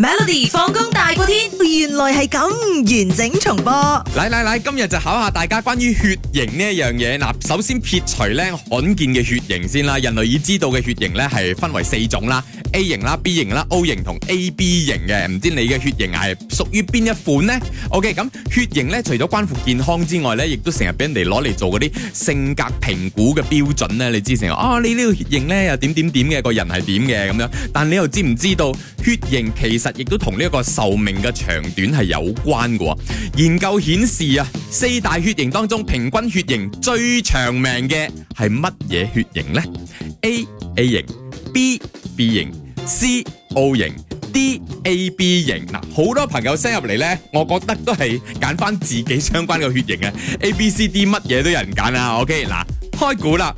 Melody 放工大過天，原來係咁完整重播。嚟嚟嚟，今日就考下大家關於血型呢一樣嘢。嗱，首先撇除咧罕見嘅血型先啦，人類已知道嘅血型咧係分為四種啦，A 型啦，B 型啦，O 型同 AB 型嘅。唔知你嘅血型係屬於邊一款呢？OK，咁血型咧除咗關乎健康之外咧，亦都成日俾人哋攞嚟做嗰啲性格評估嘅標準咧。你成日啊，你呢個血型咧又點點點嘅，個人係點嘅咁樣，但你又知唔知道血型其實？亦都同呢個壽命嘅長短係有關嘅。研究顯示啊，四大血型當中平均血型最長命嘅係乜嘢血型呢？A A 型、B B 型、C O 型、D A B 型。嗱、啊，好多朋友升入嚟呢，我覺得都係揀翻自己相關嘅血型啊。A B C D 乜嘢都有人揀、OK? 啊。OK，嗱，開估啦。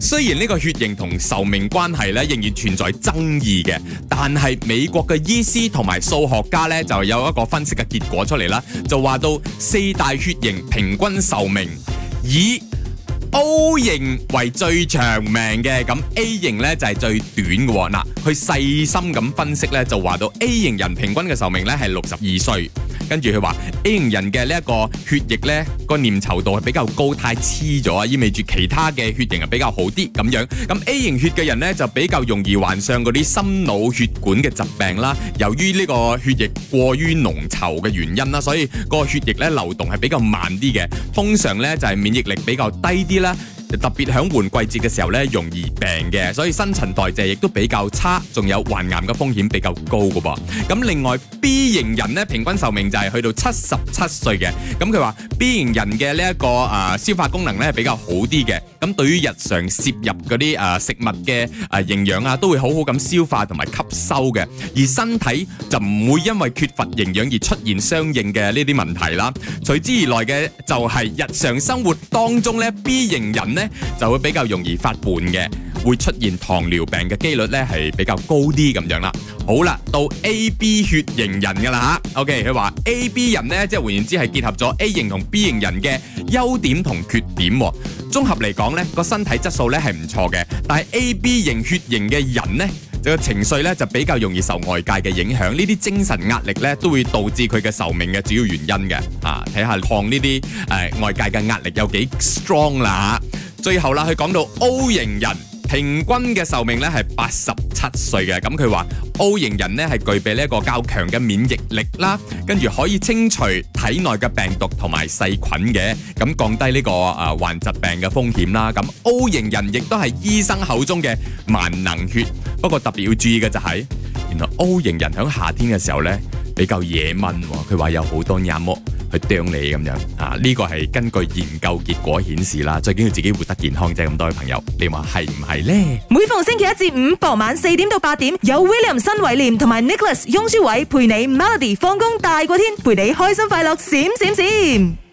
雖然呢個血型同壽命關係咧仍然存在爭議嘅，但係美國嘅醫師同埋數學家咧就有一個分析嘅結果出嚟啦，就話到四大血型平均壽命以 O 型為最長命嘅，咁 A 型咧就係、是、最短嘅嗱。佢、啊、細心咁分析咧就話到 A 型人平均嘅壽命咧係六十二歲。跟住佢話 A 型人嘅呢一個血液呢個粘稠度係比較高，太黐咗啊，意味住其他嘅血型係比較好啲咁樣。咁 A 型血嘅人呢就比較容易患上嗰啲心腦血管嘅疾病啦。由於呢個血液過於濃稠嘅原因啦，所以個血液呢流動係比較慢啲嘅。通常呢就係免疫力比較低啲啦。特別響換季節嘅時候呢，容易病嘅，所以新陳代謝亦都比較差，仲有患癌嘅風險比較高噶噃。咁另外 B 型人呢，平均壽命就係去到七十七歲嘅。咁佢話 B 型人嘅呢一個誒、啊、消化功能呢，比較好啲嘅。咁對於日常攝入嗰啲誒食物嘅誒營養啊，都會好好咁消化同埋吸收嘅。而身體就唔會因為缺乏營養而出現相應嘅呢啲問題啦。隨之而來嘅就係日常生活當中呢 B 型人。就會比較容易發胖嘅，會出現糖尿病嘅幾率呢係比較高啲咁樣啦。好啦，到 A B 血型人噶啦。吓，OK，佢話 A B 人呢，即係換言之係結合咗 A 型同 B 型人嘅優點同缺點，綜合嚟講呢，個身體質素呢係唔錯嘅。但係 A B 型血型嘅人呢，就個情緒呢就比較容易受外界嘅影響，呢啲精神壓力呢，都會導致佢嘅壽命嘅主要原因嘅。啊，睇下抗呢啲誒外界嘅壓力有幾 strong 啦。最後啦，佢講到 O 型人平均嘅壽命咧，係八十七歲嘅。咁佢話 O 型人咧，係具備呢一個較強嘅免疫力啦，跟住可以清除體內嘅病毒同埋細菌嘅，咁降低呢個誒患疾病嘅風險啦。咁 O 型人亦都係醫生口中嘅萬能血，不過特別要注意嘅就係，原來 O 型人喺夏天嘅時候呢，比較惹蚊，佢話有好多眼膜。去啄你咁樣啊！呢個係根據研究結果顯示啦，最緊要自己活得健康啫。咁多位朋友，你話係唔係呢？每逢星期一至五傍晚四點到八點，有 William 新偉廉同埋 Nicholas 雍書偉陪你 Melody 放工大過天，陪你開心快樂閃閃閃。閃閃閃